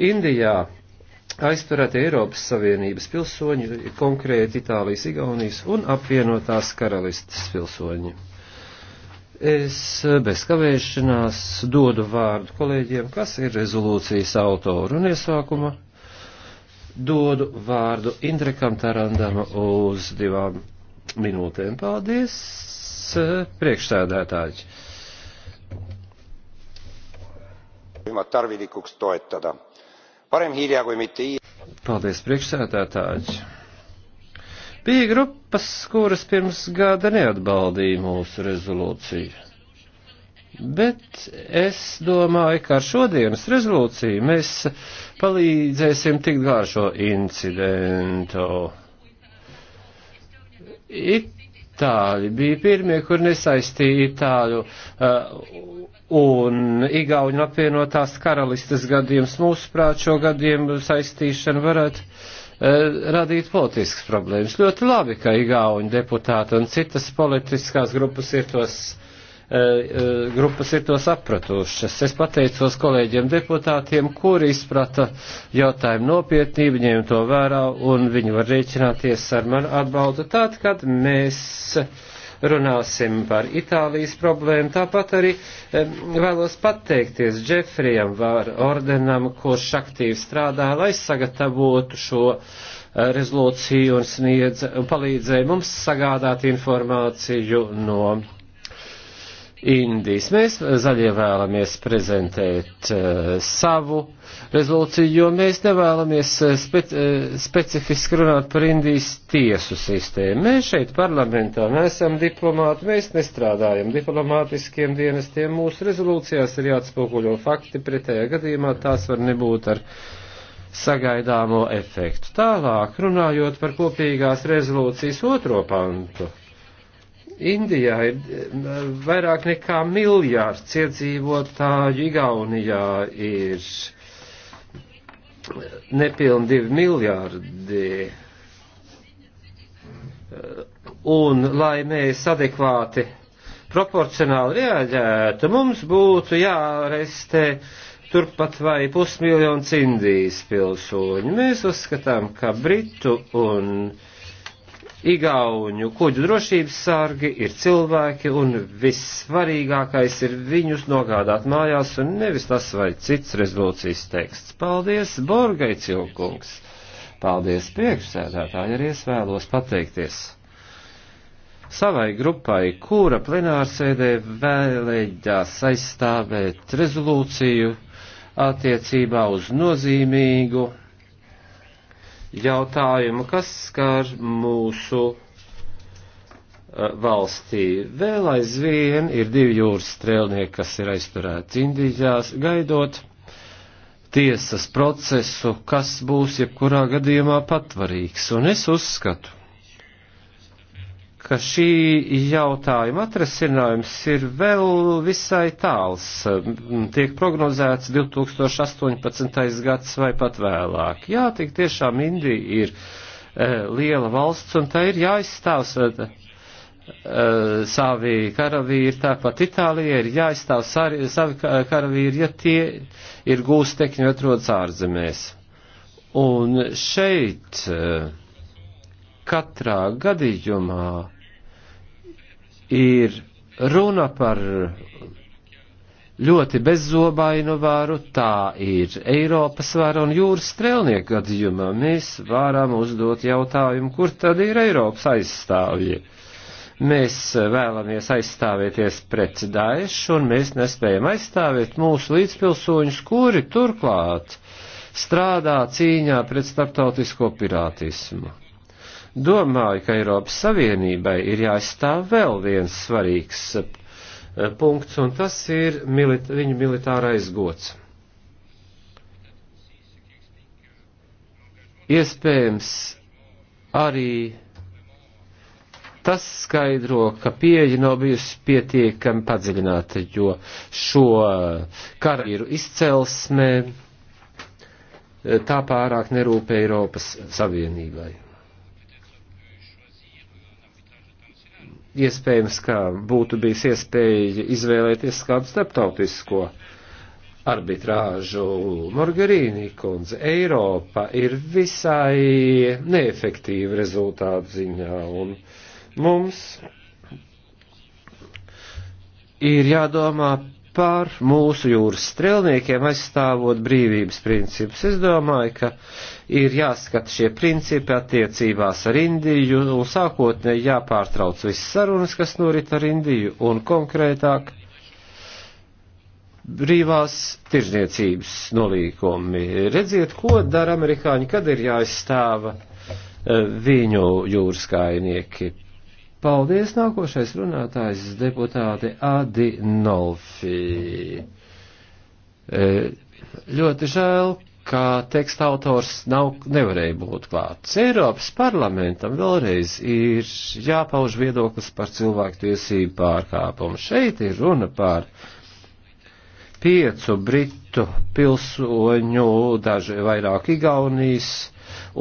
Indijā aizturēti Eiropas Savienības pilsoņi, konkrēti Itālijas, Igaunijas un apvienotās karalistas pilsoņi. Es bez kavēšanās dodu vārdu kolēģiem, kas ir rezolūcijas autori un iesākuma. Dodu vārdu Indrekam Tarandam uz divām minūtēm. Paldies, priekšsēdētāji! peavad tarvilikuks toetada. parem hilja kui mitte hiljem. paldies priekšsēdētāji. Bija grupas, kuras pirms gada neatbaldīja mūsu rezolūciju. Bet es domāju, ka ar šodienas rezolūciju mēs palīdzēsim tikt gāršo incidentu. Ik itāļi bija pirmie, kur nesaistīja itāļu uh, un igauņu apvienotās karalistas gadījums. Mūsuprāt, šo gadījumu saistīšana varētu uh, radīt politiskas problēmas. Ļoti labi, ka igauņu deputāti un citas politiskās grupas ir tos uh, Eh, eh, grupas ir to sapratušas. Es pateicos kolēģiem deputātiem, kuri izprata jautājumu nopietnību, ņēma to vērā un viņi var rēķināties ar manu atbaldu tad, kad mēs runāsim par Itālijas problēmu. Tāpat arī vēlos pateikties Džefrijam var ordenam, kurš aktīvi strādā, lai sagatavotu šo eh, rezolūciju un sniedz, palīdzēja mums sagādāt informāciju no Indijas. Mēs zaļie vēlamies prezentēt uh, savu rezolūciju, jo mēs nevēlamies eh, speci uh, eh, specifiski runāt par Indijas tiesu sistēmu. Mēs šeit parlamentā neesam diplomāti, mēs nestrādājam diplomātiskiem dienestiem. Mūsu rezolūcijās ir jāatspoguļo fakti, pretējā gadījumā tās var nebūt ar sagaidāmo efektu. Tālāk runājot par kopīgās rezolūcijas otro pantu Indijā ir eh, vairāk nekā miljārds iedzīvotāju, Igaunijā ir nepilni divi miljārdi. Un, lai mēs adekvāti proporcionāli reaģētu, mums būtu jāarestē turpat vai pusmiljons Indijas pilsoņu. Mēs uzskatām, ka Britu un uh, Igauņu kuģu drošības sargi ir cilvēki, un vissvarīgākais ir viņus nogādāt mājās, un nevis tas vai cits rezolūcijas teksts. Paldies, Borgai Cilkungs! Paldies, priekšsēdētāji, arī es vēlos pateikties savai grupai, kura plenārsēdē vēlēģās aizstāvēt rezolūciju attiecībā uz nozīmīgu jautājumu, kas skar mūsu eh, valstī. Vēl aizvien ir divi jūras strēlnieki, kas ir aizturēti Indijās, gaidot tiesas procesu, kas būs jebkurā gadījumā patvarīgs. Un es uzskatu, ka šī jautājuma atrasinājums ir vēl visai tāls. Tiek prognozēts 2018. gads vai pat vēlāk. Jā, tik tiešām Indija ir e, liela valsts un tā ir jāizstāv e, e, savi karavīri, tāpat Itālija ir jāizstāv sari, savi karavīri, ja tie ir gūstekņi atrodas ārzemēs. Un šeit e, katrā gadījumā ir runa par ļoti bezzobainu vāru, tā ir Eiropas vāra un jūras strēlnieku gadījumā. Mēs varam uzdot jautājumu, kur tad ir Eiropas aizstāvji. Mēs vēlamies aizstāvēties pret Daešu un mēs nespējam aizstāvēt mūsu līdzpilsoņus, kuri turklāt strādā cīņā pret starptautisko pirātismu. Domāju, ka Eiropas Savienībai ir jāizstāv vēl viens svarīgs eh, punkts, un tas ir milit viņu militārais gods. Iespējams, arī tas skaidro, ka pieeja nav bijusi pietiekami padziļināta, jo šo karjeru izcelsmē eh, tā pārāk nerūp Eiropas Savienībai. iespējams, ka būtu bijis iespēja izvēlēties kādu starptautisko arbitrāžu. Margarīni kundze, Eiropa ir visai neefektīva rezultātu ziņā, un mums ir jādomā par mūsu jūras strelniekiem aizstāvot brīvības principus. Es domāju, ka ir jāskata šie principi attiecībās ar Indiju, un sākotnēji jāpārtrauc viss sarunas, kas norit ar Indiju, un konkrētāk brīvās tirzniecības nolīkumi. Redziet, ko dara amerikāņi, kad ir jāizstāva eh, viņu jūras kainieki Paldies, nākošais runātājs deputāti Adi Nolfi. E, ļoti žēl, ka teksta autors nav, nevarēja būt klāts. Eiropas parlamentam vēlreiz ir jāpauž viedoklis par cilvēktiesību pārkāpumu. Šeit ir runa par piecu britu pilsoņu, daži vairāk Igaunijas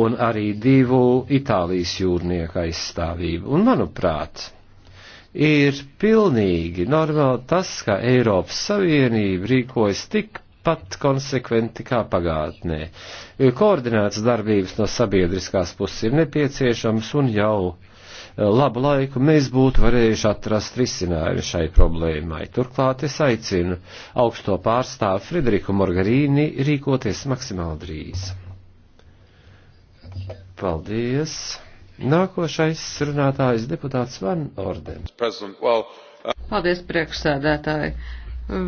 un arī divu Itālijas jūrnieku aizstāvību. Un, manuprāt, ir pilnīgi normāli tas, ka Eiropas Savienība rīkojas tik pat konsekventi kā pagātnē. Koordinēts darbības no sabiedriskās puses ir nepieciešams un jau labu laiku mēs būtu varējuši atrast risinājumu šai problēmai. Turklāt es aicinu augsto pārstāvu Frederiku Morgarīni rīkoties maksimāli drīz. Paldies! Nākošais runātājs deputāts Van Orden. Uh, Paldies, priekšsēdētāji!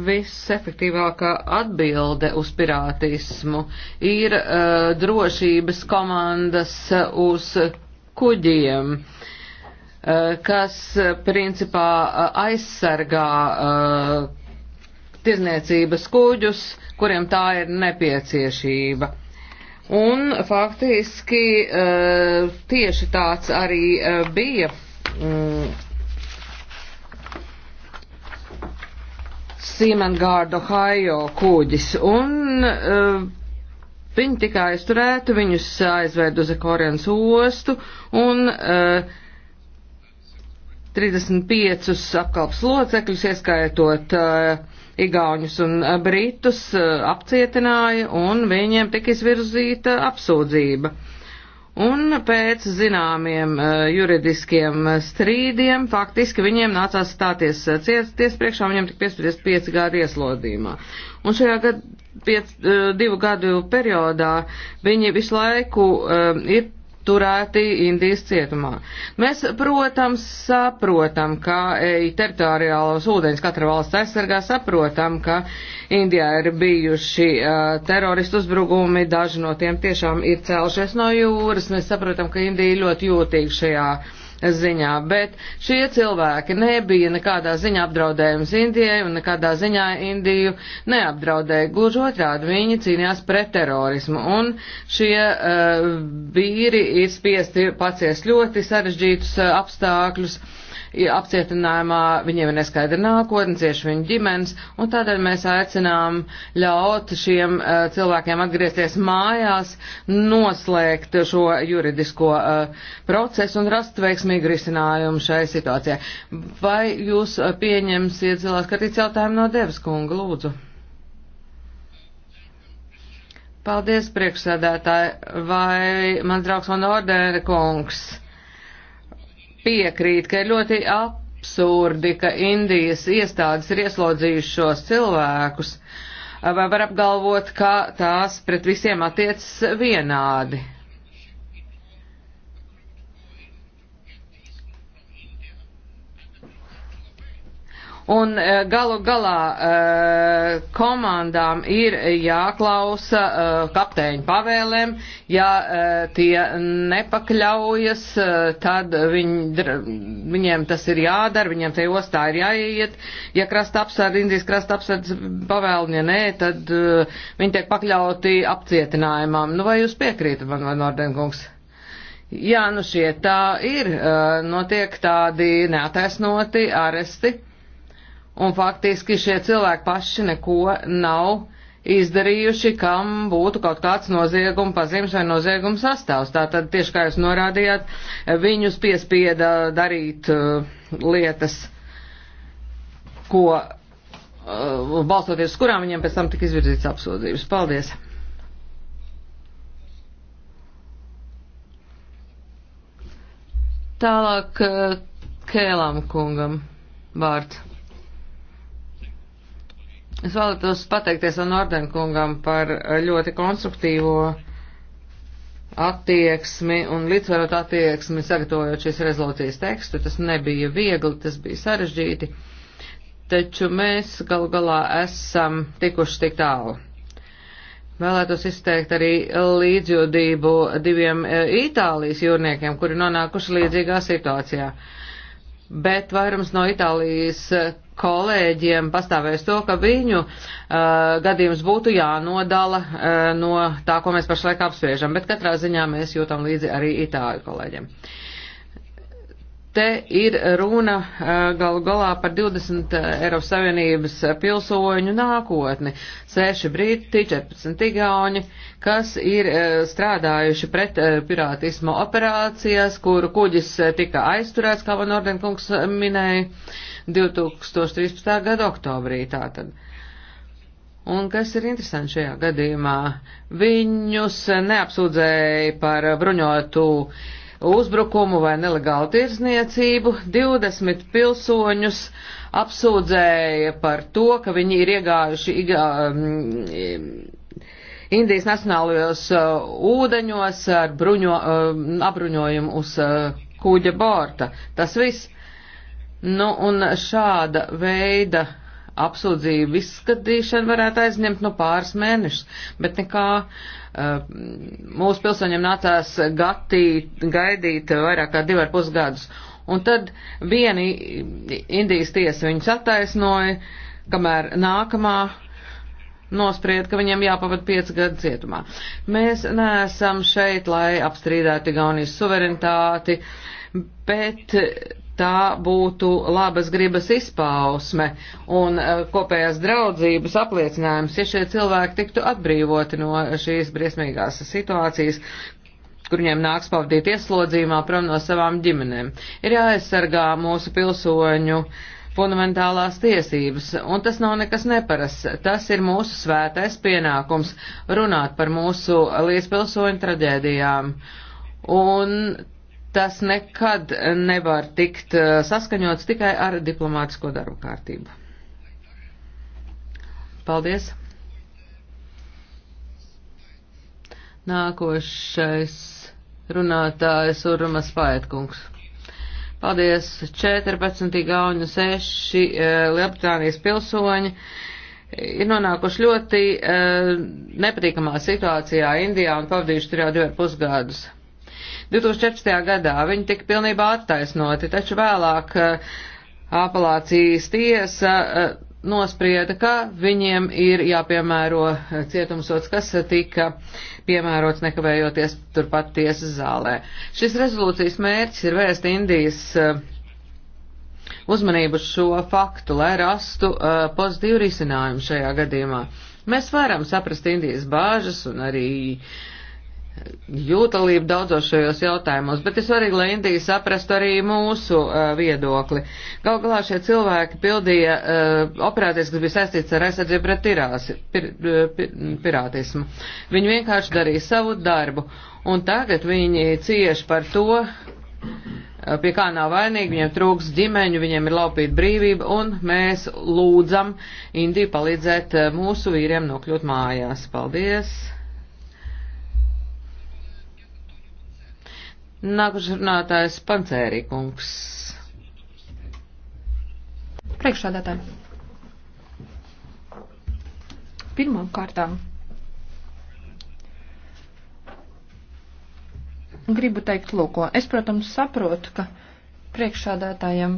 Visefektīvākā atbilde uz pirātismu ir uh, drošības komandas uz kuģiem, uh, kas principā uh, aizsargā uh, tirzniecības kuģus, kuriem tā ir nepieciešība. Un faktiski eh, tieši tāds arī eh, bija mm. Siemengārda Hajo kuģis. Un eh, viņi tika aizturēti, viņus aizved uz Ekorienas ostu un uh, 35 apkalpes locekļus, ieskaitot uh, igauņus un eh, britus, uh, apcietināja un viņiem tika izvirzīta apsūdzība. Un pēc zināmiem uh, juridiskiem strīdiem faktiski viņiem nācās stāties cieties priekšā, viņiem tika piespriest 5 gadu ieslodījumā. Un šajā gadu, piec, divu gadu periodā viņi visu laiku ir turēti Indijas cietumā. Mēs, protams, saprotam, ka e, teritoriālos ūdeņus katra valsts aizsargā, saprotam, ka Indijā ir bijuši e, teroristu uzbrukumi, daži no tiem tiešām ir cēlušies no jūras. Mēs saprotam, ka Indija ļoti jūtīga šajā ziņā, bet šie cilvēki nebija nekādā ziņā apdraudējums Indijai un nekādā ziņā Indiju neapdraudēja. Gluži otrādi viņi cīnījās pret terorismu un šie uh, vīri ir spiesti paciest ļoti sarežģītus uh, apstākļus. Apcietinājumā viņiem ir neskaidra nākotne, cieši viņu ģimenes, un tādēļ mēs aicinām ļaut šiem uh, cilvēkiem atgriezties mājās, noslēgt šo juridisko uh, procesu un rast veiksmīgu veiksmīgu risinājumu šai situācijai. Vai jūs uh, pieņemsiet zilās kartīts jautājumu no Devas kunga, lūdzu? Paldies, priekšsēdētāji. Vai mans draugs Van Ordēra kungs piekrīt, ka ir ļoti absurdi, ka Indijas iestādes ir ieslodzījušos cilvēkus? Vai var apgalvot, ka tās pret visiem attiecas vienādi? Un e, galu galā e, komandām ir jāklausa e, kapteiņu pavēlēm, ja tie nepakļaujas, tad viņ, viņiem tas ir jādara, viņiem te ostā ir jāiet, ja krasta apsardz, Indijas krasta apsardz pavēlni, ja nē, tad viņi tiek pakļauti apcietinājumam. Nu vai jūs piekrītat man, vai Nordenkungs? Jā, nu šie tā ir, notiek tādi neataisnoti aresti un faktiski šie cilvēki paši neko nav izdarījuši, kam būtu kaut kāds nozieguma pazīmes vai nozieguma sastāvs. Tātad, tieši kā jūs norādījāt, viņus piespieda darīt uh, lietas, ko, uh, balstoties uz kurām viņiem pēc tam tika izvirzīts apsūdzības. Paldies! Tālāk uh, Kēlam kungam vārds. Es vēlētos pateikties Van Ordenkungam par eh, ļoti konstruktīvo attieksmi un līdzvarot attieksmi sagatavojot šīs rezolūcijas tekstu. Tas nebija viegli, tas bija sarežģīti, taču mēs galu galā esam tikuši tik tālu. Vēlētos izteikt arī līdzjūtību diviem eh, Itālijas jūrniekiem, kuri nonākuši līdzīgā situācijā. Uh, bet vairums no Itālijas eh, kolēģiem pastāvēs to, ka viņu uh, gadījums būtu jānodala uh, no tā, ko mēs pašlaik apspriežam, bet katrā ziņā mēs jūtam līdzi arī Itāļu kolēģiem. Uh, te ir runa galu galā par 20 Eiropas Savienības pilsoņu nākotni. 6 briti, 14 igauņi, kas ir strādājuši pret pirātismu operācijās, kuru kuģis tika aizturēts, kā Van Ordenkungs minēja, 2013. gada oktobrī tātad. Un kas ir interesanti šajā gadījumā? Viņus neapsūdzēja par bruņotu uh, uzbrukumu vai nelegālu tirzniecību. 20 pilsoņus apsūdzēja par to, ka viņi ir iegājuši igā, um, Indijas nacionālajos uh, ūdeņos ar bruņo, uh, apbruņojumu uz uh, kuģa borta. Tas viss. Nu, un šāda veida uh, apsūdzību izskatīšana varētu aizņemt nu pāris mēnešus, bet nekā uh, mūsu pilsoņiem nācās gatīt, gaidīt vairāk kā divi ar pusgadus. Un tad viena Indijas tiesa viņus attaisnoja, kamēr nākamā nospried, ka viņiem jāpavad 5 gadu cietumā. Mēs neesam šeit, lai apstrīdētu Igaunijas suverenitāti, bet tā būtu labas gribas izpausme un e, kopējās draudzības apliecinājums, ja šie cilvēki tiktu atbrīvoti no šīs briesmīgās situācijas, kur viņiem nāks pavadīt ieslodzījumā prom no savām ģimenēm. Ir jāaizsargā mūsu pilsoņu fundamentālās tiesības, un tas nav nekas neparasts. Tas ir mūsu svētais pienākums runāt par mūsu līdzpilsoņu traģēdijām. Un tas nekad nevar tikt eh, saskaņots tikai ar diplomātisko darbu kārtību. Paldies! Nākošais runātājs Urmas Paetkungs. Paldies! 14 gauņu 6 eh, Lielbritānijas pilsoņi ir nonākuši ļoti eh, nepatīkamā situācijā Indijā un pavadījuši tur jau divi pusgadus. 2014. gadā viņi tika pilnībā attaisnoti, taču vēlāk eh, apelācijas tiesa eh, nosprieda, ka viņiem ir jāpiemēro eh, cietumsots, kas tika piemērots nekavējoties turpat tiesas zālē. Šis rezolūcijas mērķis ir vērst Indijas uzmanību šo faktu, lai rastu uh, pozitīvu risinājumu šajā gadījumā. Mēs varam saprast Indijas bāžas un arī uh, jūtalību daudzos šajos jautājumos, bet ir svarīgi, lai Indija saprastu arī mūsu uh, viedokli. Gal galā šie cilvēki pildīja uh, operācijas, kas bija saistīts ar aizsardzību pret pirās, pir, pir, pirātismu. Viņi vienkārši darīja savu darbu, un tagad viņi cieši par to, pie kā nav vainīgi, viņiem trūks ģimeņu, viņiem ir laupīta brīvība, un mēs lūdzam Indiju palīdzēt mūsu vīriem nokļūt mājās. Paldies! Nākušais runātājs Pancērīkungs. Priekšādātāji. Pirmām kārtām gribu teikt lūko. Es, protams, saprotu, ka priekšādātājiem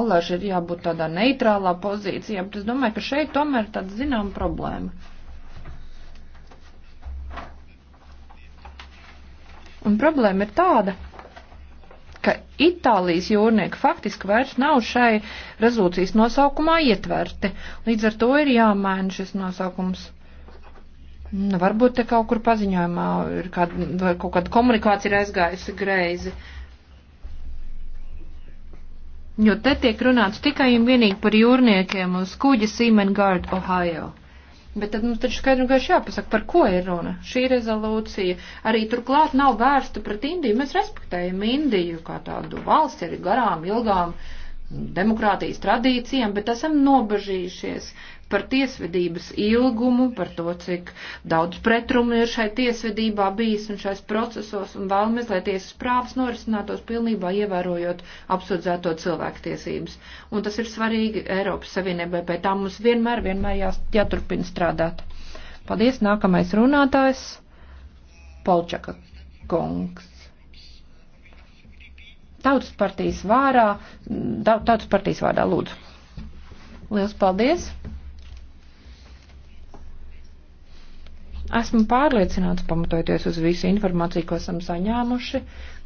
allaž ir jābūt tādā neitrālā pozīcijā, bet es domāju, ka šeit tomēr tāda zināma problēma Un problēma ir tāda, ka Itālijas jūrnieki faktiski vairs nav šai rezolūcijas nosaukumā ietverti. Līdz ar to ir jāmaina šis nosaukums. Nu, varbūt te kaut kur paziņojumā ir kāda, kaut kāda komunikācija ir aizgājusi greizi. Jo te tiek runāts tikai un vienīgi par jūrniekiem uz kuģa Seaman Guard, Ohio. Bet tad mums taču skaidri un gaiši jāpasaka, par ko ir runa. Šī rezolūcija arī turklāt nav vērsta pret Indiju. Mēs respektējam Indiju kā tādu valsti ar garām, ilgām demokrātijas tradīcijām, bet esam nobežījušies par tiesvedības ilgumu, par to, cik daudz pretrumu ir šai tiesvedībā bijis un šais procesos, un vēlamies, lai tiesas prāvas norisinātos pilnībā ievērojot apsūdzēto cilvēktiesības. Un tas ir svarīgi Eiropas Savienībai, pēc tā mums vienmēr, vienmēr jā, jāturpina strādāt. Paldies, nākamais runātājs Polčaka kungs. Tautas partijas vārā, tautas partijas vārdā lūdzu. Liels paldies! Esmu pārliecināts, pamatojoties uz visu informāciju, ko esam saņēmuši,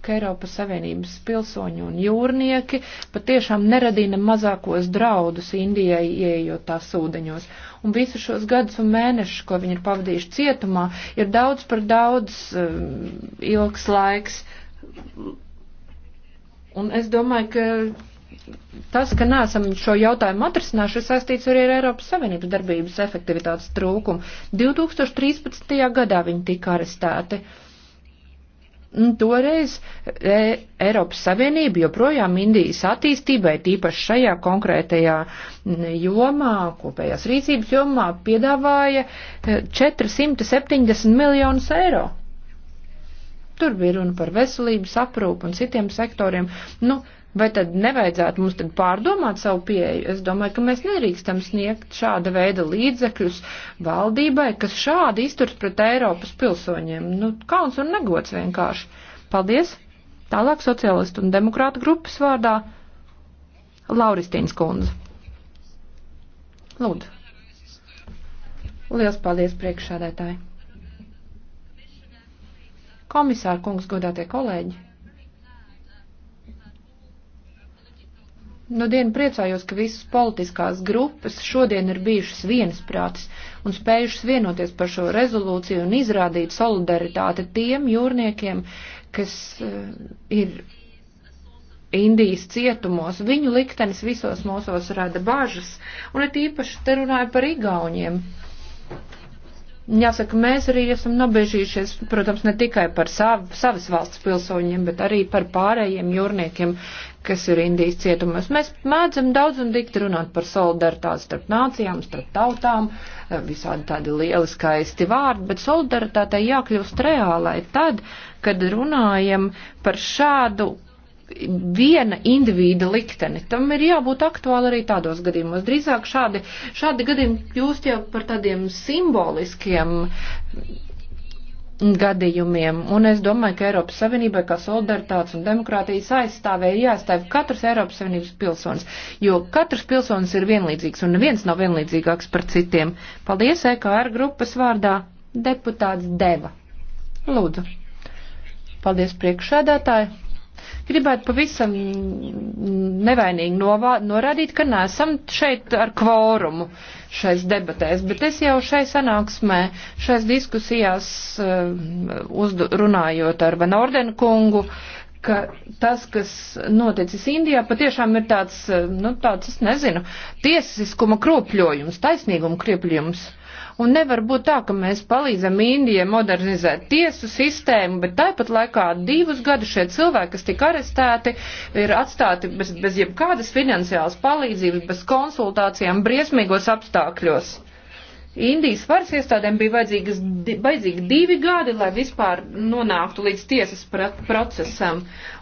ka Eiropas Savienības pilsoņi un jūrnieki patiešām neradīja mazākos draudus Indijai, ieejot tās ūdeņos. Un visu šos gadus un mēnešus, ko viņi ir pavadījuši cietumā, ir daudz par daudz um, ilgs laiks. Un es domāju, ka tas, ka neesam šo jautājumu atrisinājuši, ir saistīts arī ar Eiropas Savienības darbības efektivitātes trūkumu. 2013. gadā viņi tika arestēti. Un toreiz e, Eiropas Savienība joprojām Indijas attīstībai, tīpaši šajā konkrētajā jomā, kopējās rīcības jomā, piedāvāja 470 e, miljonus eiro. Tur bija runa par veselības aprūpu un citiem sektoriem. Nu, uh, Vai tad nevajadzētu mums tad pārdomāt savu pieeju? Es domāju, ka mēs nerīkstam sniegt šāda veida līdzekļus valdībai, kas šādi izturs pret Eiropas pilsoņiem. Nu, kauns un negods vienkārši. Paldies! Tālāk socialistu un demokrātu grupas vārdā Lauristīnas kundze. Lūdzu. Liels paldies priekšsādētāji. Komisāra kungs, godātie kolēģi. Nu, dienu priecājos, ka visas politiskās grupas šodien ir bijušas viensprātis un spējušas vienoties par šo rezolūciju un izrādīt solidaritāti tiem jūrniekiem, kas uh, ir Indijas cietumos. Viņu liktenis visos mūsos rada bažas, un it īpaši te runāju par igauņiem. Uh, Jāsaka, mēs arī esam nobežījušies, protams, ne tikai par sav, savas valsts pilsoņiem, bet arī par pārējiem jūrniekiem, kas ir Indijas cietumos. Mēs mēdzam daudz un dikti runāt par solidaritāti starp nācijām, starp tautām, visādi tādi lieli skaisti vārdi, bet solidaritātei jākļūst reālai tad, kad runājam par šādu viena individa likteni. Tam ir jābūt aktuāli arī tādos gadījumos. Drīzāk šādi, šādi gadījumi kļūst jau par tādiem simboliskiem gadījumiem, un es domāju, ka Eiropas Savienībai kā solidaritātes un demokrātijas aizstāvēja jāstāv katrs Eiropas Savienības pilsonis, jo katrs pilsonis ir vienlīdzīgs, un neviens nav vienlīdzīgāks par citiem. Paldies EKR grupas vārdā deputāts Deva. Lūdzu. Paldies priekšsēdētāji. Gribētu pavisam nevainīgi novā, norādīt, ka nesam šeit ar kvorumu šais debatēs, bet es jau šai sanāksmē, šais diskusijās eh, uzdu, runājot ar Van Orden kungu, ka tas, kas noticis Indijā, patiešām ir tāds, eh, nu, tāds, es nezinu, tiesiskuma kropļojums, taisnīguma kropļojums. Uh, Un nevar būt tā, ka mēs palīdzam Indijai modernizēt tiesu sistēmu, bet tāpat laikā divus gadus šie cilvēki, kas tika arestēti, ir atstāti bez, bez jebkādas finansiālas palīdzības, bez konsultācijām, briesmīgos apstākļos. Indijas varas iestādēm bija di, vajadzīgi divi gadi, lai vispār nonāktu līdz tiesas procesam.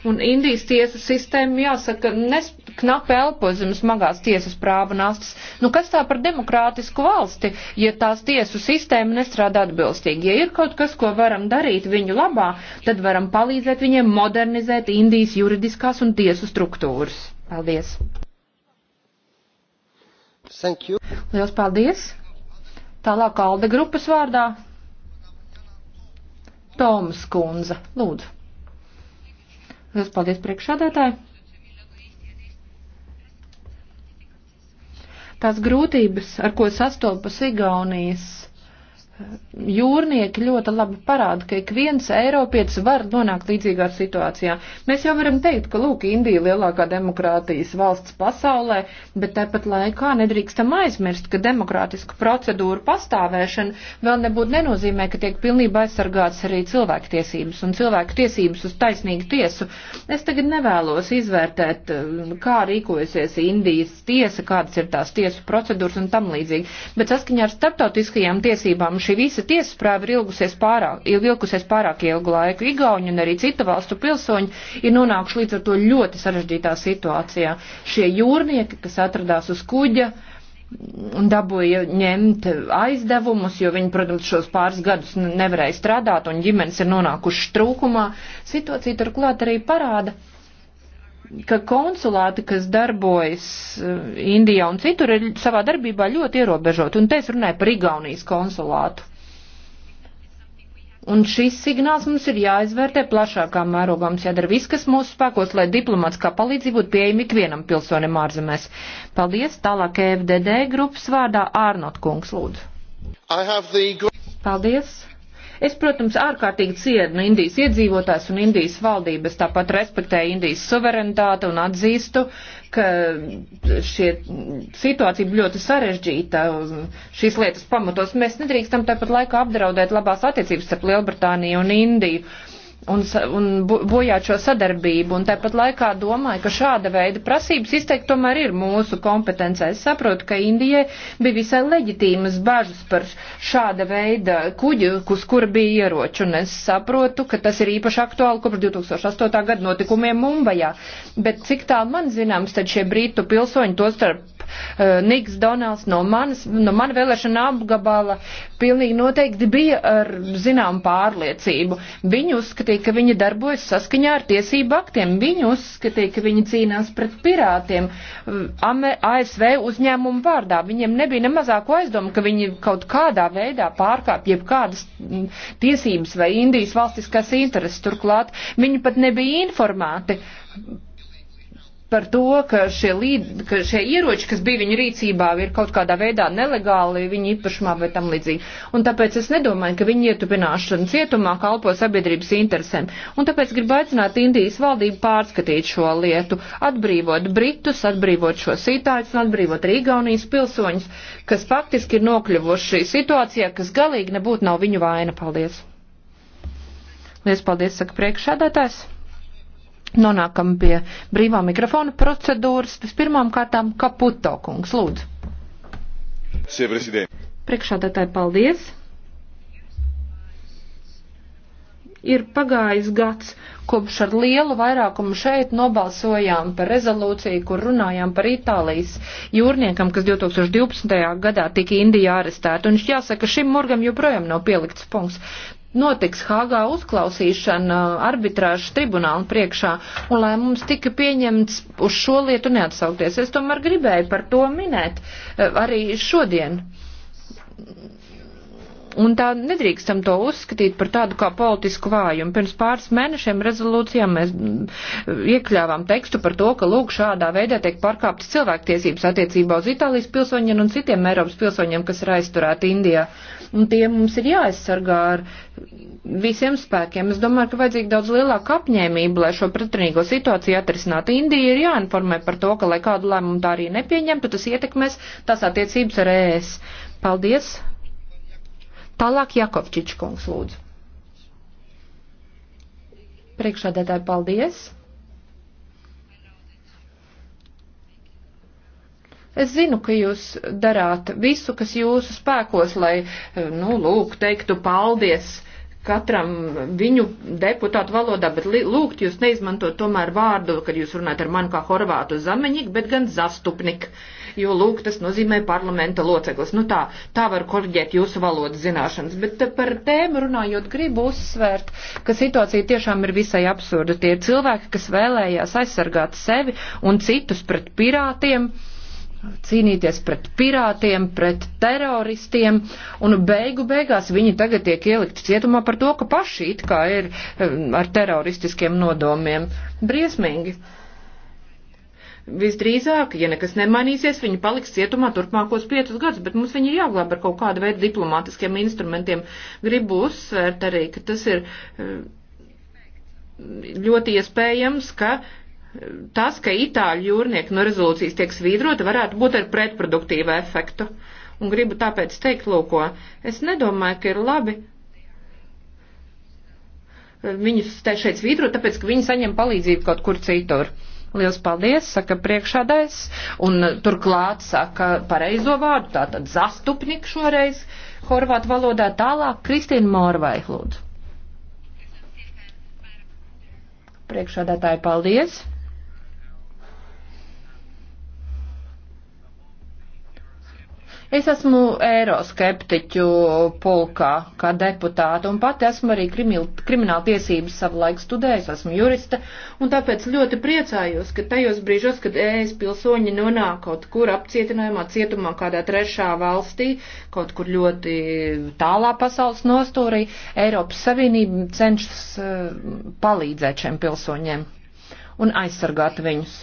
Un Indijas tiesu sistēma, jāsaka, nes, knapi elpo zem smagās tiesas prāva nastas. Nu, kas tā par demokrātisku valsti, ja tās tiesu sistēma nestrādā atbilstīgi? Ja ir kaut kas, ko varam darīt viņu labā, tad varam palīdzēt viņiem modernizēt Indijas juridiskās un tiesu struktūras. Paldies! Thank you. Lielas paldies! Tālāk Alde grupas vārdā Toms Kunze. Lūdzu. Liels paldies priekšādētāji. Tās grūtības, ar ko sastopas Igaunijas jūrnieki ļoti labi parāda, ka ik viens eiropietis var nonākt līdzīgā situācijā. Mēs jau varam teikt, ka lūk, Indija ir lielākā demokrātijas valsts pasaulē, bet tāpat laikā nedrīkstam aizmirst, ka demokrātisku procedūru pastāvēšana vēl nebūtu nenozīmē, ka tiek pilnībā aizsargāts arī cilvēktiesības un cilvēktiesības uz taisnīgu tiesu. Es tagad nevēlos izvērtēt, eh, kā rīkojasies Indijas tiesa, kādas ir tās tiesu procedūras un tam līdzīgi, bet saskaņā ar starptautiskajām tiesībām šī visa tiesasprāva ir ilgusies pārāk, ilgusies pārāk ilgu laiku. Igauņi un arī citu valstu pilsoņi ir nonākuši līdz ar to ļoti sarežģītā situācijā. Šie jūrnieki, kas atradās uz kuģa, un dabūja ņemt aizdevumus, jo viņi, protams, šos pāris gadus nevarēja strādāt un ģimenes ir nonākuši trūkumā. Situācija turklāt arī parāda, ka konsulāti, kas darbojas eh, Indijā un citur, ir savā darbībā ļoti ierobežoti. Un te es runāju par Igaunijas konsulātu. Un šis signāls mums ir jāizvērtē plašākā mērogā. Mums jādara viss, kas mūsu spēkos, lai diplomātiskā palīdzība būtu pieejama ikvienam pilsonim ārzemēs. Paldies. Tālāk EFDD grupas vārdā Ārnot kungs lūdzu. The... Paldies. Es, protams, ārkārtīgi cienu Indijas iedzīvotājs un Indijas valdības, tāpat respektēju Indijas suverenitāti un atzīstu, ka šie situācija ļoti sarežģīta. Šīs lietas pamatos mēs nedrīkstam tāpat laikā apdraudēt labās attiecības starp Lielbritāniju un Indiju. Uh, un, un bojāt šo sadarbību. Un tāpat laikā domāju, ka šāda veida prasības izteikt tomēr ir mūsu kompetencē. Es saprotu, ka Indijai bija visai leģitīmas bažas par šāda veida kuģi, uz kura bija ieroči. Un es saprotu, ka tas ir īpaši aktuāli kopš 2008. gada notikumiem Mumbajā. Bet cik tā man zināms, tad šie brītu pilsoņi, tostarp uh, Niks Donalds no, manas, no mana vēlēšana apgabala pilnīgi noteikti bija ar zinām pārliecību. Viņi uzskatīja, ka viņi darbojas saskaņā ar tiesību aktiem. Viņi uzskatīja, ka viņi cīnās pret pirātiem eh, Amer ASV uzņēmumu vārdā. Viņiem nebija nemazāko aizdomu, ka viņi kaut kādā veidā pārkāpj jebkādas mm, tiesības vai Indijas valstiskās intereses. Turklāt viņi pat nebija informēti par to, ka šie, līd, ka šie ieroči, kas bija viņa rīcībā, ir kaut kādā veidā nelegāli viņa īpašumā vai tam līdzīgi. Un tāpēc es nedomāju, ka viņa ietupināšana cietumā kalpo sabiedrības interesēm. Un tāpēc gribu aicināt Indijas valdību pārskatīt šo lietu, atbrīvot Britus, atbrīvot šo sitāļus un atbrīvot Rīgaunijas pilsoņus, kas faktiski ir nokļuvuši situācijā, kas galīgi nebūtu nav viņu vaina. Paldies! Lies paldies, saka priekšādātājs. Nonākam pie brīvā mikrofona procedūras. Vispirmām kārtām Kaputo kungs, lūdzu. Priekšādātāji, paldies. Ir pagājis gads, kopš ar lielu vairākumu šeit nobalsojām par rezolūciju, kur runājām par Itālijas jūrniekam, kas 2012. gadā tika Indijā arestēta. Un jāsaka, šim murgam joprojām nav pielikts punkts notiks Hāgā uzklausīšana uh, arbitrāžu tribunāla priekšā un lai mums tika pieņemts uz šo lietu neatsaukties. Es tomēr gribēju par to minēt uh, arī šodien. Un tā nedrīkstam to uzskatīt par tādu kā politisku vājumu. Pirms pāris mēnešiem rezolūcijā mēs mm, iekļāvām tekstu par to, ka lūk šādā veidā tiek pārkāptas cilvēktiesības attiecībā uz Itālijas pilsoņiem un citiem Eiropas pilsoņiem, kas ir aizturēti Indijā. Un tie mums ir jāaizsargā ar visiem spēkiem. Es domāju, ka vajadzīga daudz lielāka apņēmība, lai šo pretrunīgo situāciju atrisinātu. Indija ir jāinformē par to, ka lai kādu lēmumu tā arī nepieņemtu, tas ietekmēs tās attiecības ar ES. Paldies! Tālāk Jakovčič kungs lūdzu. Priekšādētāji, paldies! Es zinu, ka jūs darāt visu, kas jūsu spēkos, lai, eh, nu, lūk, teiktu paldies uh, katram viņu deputātu valodā, bet lūgt jūs neizmantot tomēr vārdu, kad jūs runājat ar mani kā horvātu zameņik, bet gan zastupnik, jo lūk, tas nozīmē parlamenta loceklis. Nu tā, tā var korģēt jūsu valodas zināšanas, bet par tēmu runājot gribu uzsvērt, ka situācija tiešām ir visai absurda. Tie ir cilvēki, kas vēlējās aizsargāt sevi un citus pret pirātiem cīnīties pret pirātiem, pret teroristiem, un beigu beigās viņi tagad tiek ielikti cietumā par to, ka paši it kā ir eh, ar teroristiskiem nodomiem. Briesmīgi. Visdrīzāk, ja nekas nemainīsies, viņi paliks cietumā turpmākos piecus gadus, bet mums viņi ir jāglāb ar kaut kādu veidu diplomātiskiem instrumentiem. Gribu uzsvērt arī, ka tas ir eh, ļoti iespējams, ka uh, tas, ka itāļu jūrnieku no rezolūcijas tiek svīdrota, varētu būt ar pretproduktīvu efektu. Un gribu tāpēc teikt, lūko, es nedomāju, ka ir labi viņus te šeit svītrot, tāpēc, ka viņi saņem palīdzību kaut kur citur. Liels paldies, saka priekšādais, un uh, turklāt saka pareizo vārdu, tātad zastupnik šoreiz horvātu valodā tālāk Kristīna Morvai, lūdzu. Priekšādātāji, paldies! Es esmu eiroskeptiķu pulkā kā deputāta un pati esmu arī krimināla tiesības savulaik studējusi, esmu jurista un tāpēc ļoti priecājos, ka tajos brīžos, kad ES pilsoņi nonāk kaut kur apcietinājumā, cietumā kādā trešā valstī, kaut kur ļoti tālā pasaules nostūrī, Eiropas Savienība cenšas eh, palīdzēt šiem pilsoņiem un aizsargāt viņus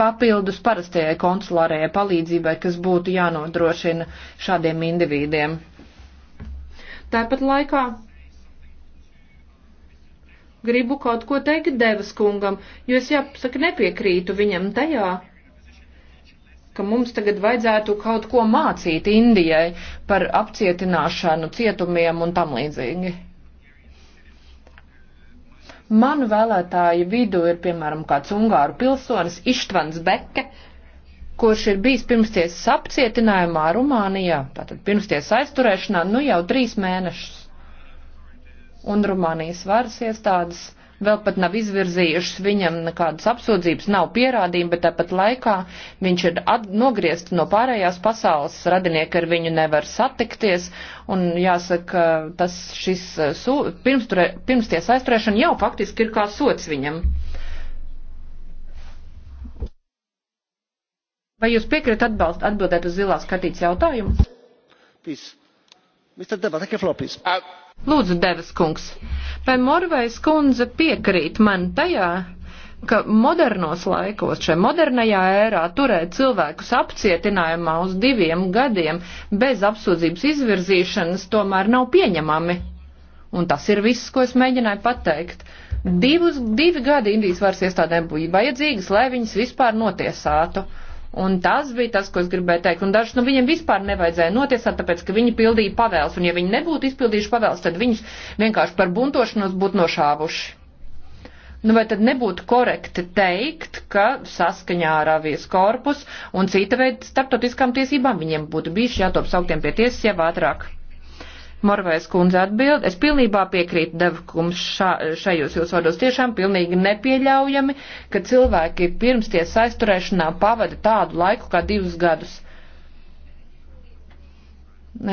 papildus parastajai konsulārajai palīdzībai, kas būtu jānodrošina šādiem individiem. Tāpat laikā gribu kaut ko teikt Devas kungam, jo es jāsaka nepiekrītu viņam tajā, ka mums tagad vajadzētu kaut ko mācīt Indijai par apcietināšanu, cietumiem un tam līdzīgi. Manu vēlētāju vidū ir, piemēram, kāds ungāru pilsonis Ištvans Beke, kurš ir bijis pirmstiesas apcietinājumā Rumānijā, tātad pirmstiesas aizturēšanā, nu jau trīs mēnešus. Un Rumānijas varas iestādes vēl pat nav izvirzījušas viņam nekādas apsūdzības, nav pierādījumi, bet tāpat laikā viņš ir nogriezts no pārējās pasaules, radinieki ar viņu nevar satikties, un jāsaka, tas šis eh, pirmsties pirms aizturēšana jau faktiski ir kā sots viņam. Vai jūs piekrit atbalst, atbildēt uz zilās kartītes jautājumu? Please. Mr. Deba, take a floor, please. Uh, Lūdzu, Devas kungs, vai Morvais kundze piekrīt man tajā, ka modernos laikos, šajā modernajā ērā, turēt cilvēkus apcietinājumā uz diviem gadiem bez apsūdzības izvirzīšanas tomēr nav pieņemami. Un tas ir viss, ko es mēģināju pateikt. Divus, divi gadi Indijas varas iestādēm bija vajadzīgas, lai viņas vispār notiesātu. Uh, Un tas bija tas, ko es gribēju teikt. Un dažus no nu, viņiem vispār nevajadzēja notiesāt, tāpēc, ka viņi pildīja pavēles. Un ja viņi nebūtu izpildījuši pavēles, tad viņus vienkārši par buntošanos būtu nošāvuši. Nu, vai tad nebūtu korekti teikt, ka saskaņā ar avies korpus un cita veida starptautiskām tiesībām viņiem būtu bijis jātop sauktiem pie tiesas jau ātrāk? Morvēs kundze atbild, es pilnībā piekrītu devkums šā, šajos jūsu vārdos. Tiešām pilnīgi nepieļaujami, ka cilvēki pirms tiesa aizturēšanā pavada tādu laiku kā divus gadus.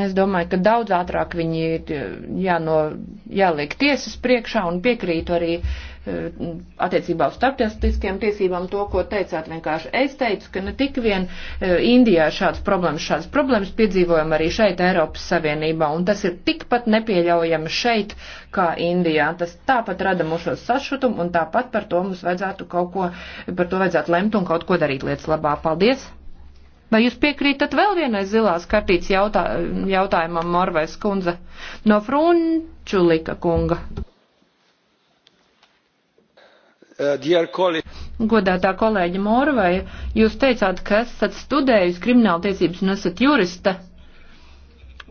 Es domāju, ka daudz ātrāk viņi ir jāno, jāliek tiesas priekšā un piekrītu arī uh, Eh, attiecībā uz starptautiskajām tiesībām to, ko teicāt vienkārši. Es teicu, ka ne tik vien eh, Indijā šāds problēmas, šāds problēmas piedzīvojam arī šeit Eiropas Savienībā, un tas ir tikpat nepieļaujami šeit, kā Indijā. Tas tāpat rada mūsos sašutumu, un tāpat par to mums vajadzētu kaut ko, par to vajadzētu lemt un kaut ko darīt lietas labā. Paldies! Vai jūs piekrītat vēl vienai zilās kartītes jautā, jautājumam, Morvais kundze, no Frunčulika kunga? Uh, Godātā kolēģa Morvai, jūs teicāt, ka esat studējusi krimināltiesības un esat juriste.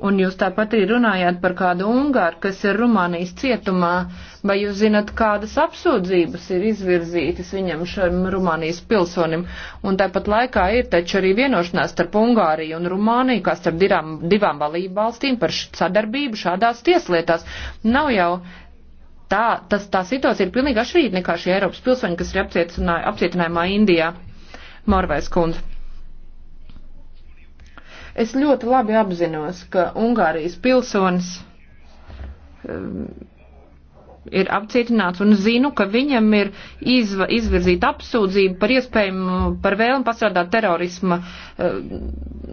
Un jūs tāpat arī runājāt par kādu Ungāru, kas ir Rumānijas cietumā. Vai jūs zinat, kādas apsūdzības ir izvirzītas viņam šim Rumānijas pilsonim? Un tāpat laikā ir taču arī vienošanās starp Ungāriju un Rumāniju, kā starp divām, divām valību valstīm par sadarbību šādās tieslietās. Nav jau tā, tas, tā situācija ir pilnīgi atšķirīga nekā šie Eiropas pilsoņi, kas ir apcietinājumā Indijā. Morvais kundze. Es ļoti labi apzinos, ka Ungārijas pilsonis um, ir apcietināts un zinu, ka viņam ir izva, izvirzīta apsūdzība par iespējumu, par vēlmu pastrādāt terorisma uh,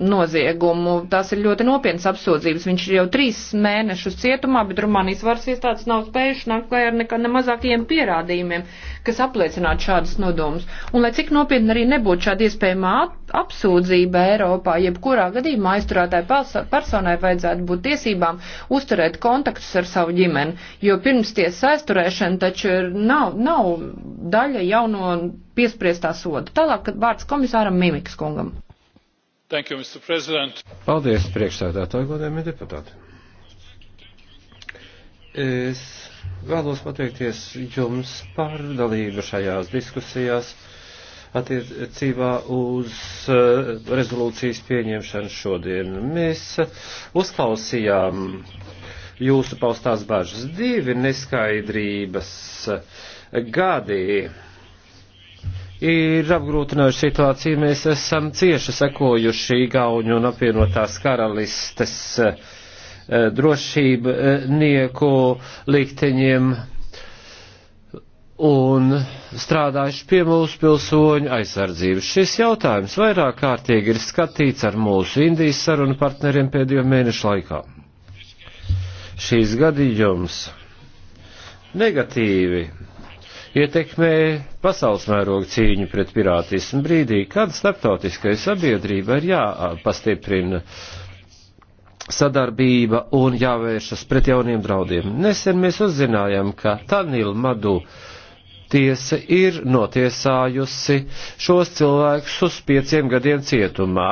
noziegumu. Tās ir ļoti nopietnas apsūdzības. Viņš ir jau trīs mēnešus cietumā, bet Rumānijas varas iestādes nav spējuši nākt klajā ar nekā nemazākajiem pierādījumiem, kas apliecinātu šādas nodomus. Un lai cik nopietni arī nebūtu šāda iespējamā apsūdzība Eiropā. Jebkurā gadījumā aizturētāji personai vajadzētu būt tiesībām uzturēt kontaktus ar savu ģimeni, jo pirms tiesa aizturēšana taču ir, nav, nav daļa jauno piespriestā soda. Tālāk vārds komisāram Mimikas kungam. Thank you, Mr. President. Paldies, priekšsēdētāji, godējumi deputāti. Es vēlos pateikties jums par dalību šajās diskusijās attiecībā uz eh, rezolūcijas pieņemšanu šodien. Mēs uzklausījām jūsu paustās bažas divi neskaidrības gadi. Ir apgrūtinājuši situāciju, mēs esam cieši sekojuši Igauņu un apvienotās karalistes eh, drošību eh, nieku likteņiem un strādājuši pie mūsu pilsoņu aizsardzības. Šis jautājums vairāk kārtīgi ir skatīts ar mūsu Indijas sarunu partneriem pēdējo mēnešu laikā. Šīs gadījums negatīvi ietekmē pasaules mēroga cīņu pret pirātismu brīdī, kad starptautiskai sabiedrība ir jāpastiprina sadarbība un jāvēršas pret jauniem draudiem. Nesen mēs uzzinājām, ka Tanil Madu uh, tiesa ir notiesājusi šos cilvēkus uz pieciem gadiem cietumā,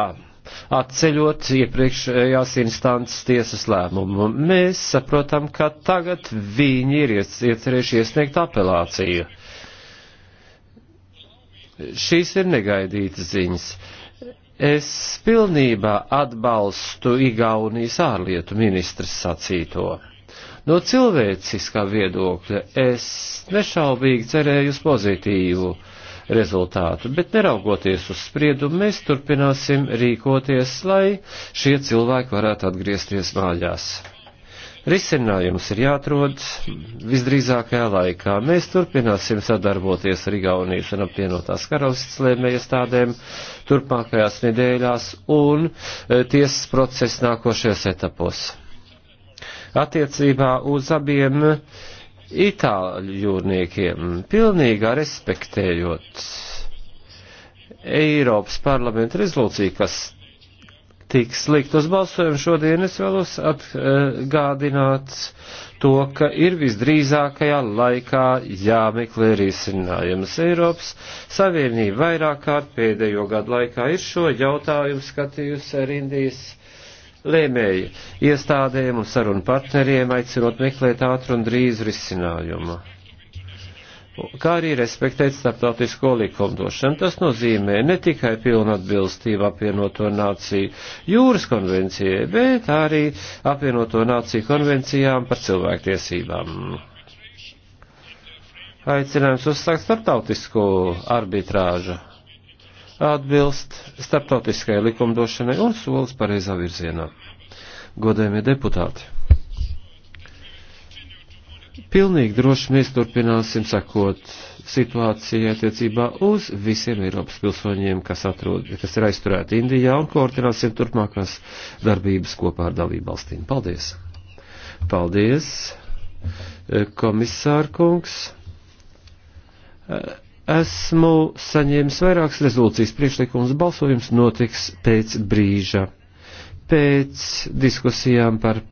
atceļot iepriekšējās instances tiesas lēmumu. Mēs saprotam, ka tagad viņi ir iecerējuši iesniegt apelāciju. Šīs ir negaidītas ziņas. Es pilnībā atbalstu Igaunijas ārlietu ministrs sacīto. No cilvēciskā viedokļa es nešaubīgi cerēju uz pozitīvu rezultātu, bet neraugoties uz spriedumu, mēs turpināsim rīkoties, lai šie cilvēki varētu atgriezties mājās. Risinājums ir jāatrod visdrīzākajā laikā. Mēs turpināsim sadarboties ar Igaunijas un apvienotās karalists lēmējiestādēm turpmākajās nedēļās un e, tiesas procesa nākošajos etapos attiecībā uz abiem itāļu jūrniekiem, pilnīgā respektējot Eiropas parlamenta rezolūciju, kas tiks likt uz balsojumu šodien, es vēlos atgādināt to, ka ir visdrīzākajā laikā jāmeklē risinājums. Eiropas Savienība vairāk kārt pēdējo gadu laikā ir šo jautājumu skatījusi ar Indijas lēmēju iestādēm un sarunu partneriem, aicinot meklēt ātru un drīzu risinājumu kā arī respektēt starptautisko likumdošanu. Tas nozīmē ne tikai pilnu atbilstību apvienoto nāciju jūras konvencijai, bet arī apvienoto nāciju konvencijām par cilvēktiesībām. Aicinājums uzsākt starptautisko arbitrāžu atbilst starptautiskajai likumdošanai un solis pareizā virzienā. Godējumie deputāti! Pilnīgi droši mēs turpināsim sakot situācijai attiecībā uz visiem Eiropas pilsoņiem, kas, atrod, kas ir aizturēti Indijā un koordināsim turpmākās darbības kopā ar dalību valstīm. Paldies! Paldies, komisārkungs! Esmu saņēmis vairākas rezolūcijas priekšlikumus, balsojums notiks pēc brīža, pēc diskusijām par.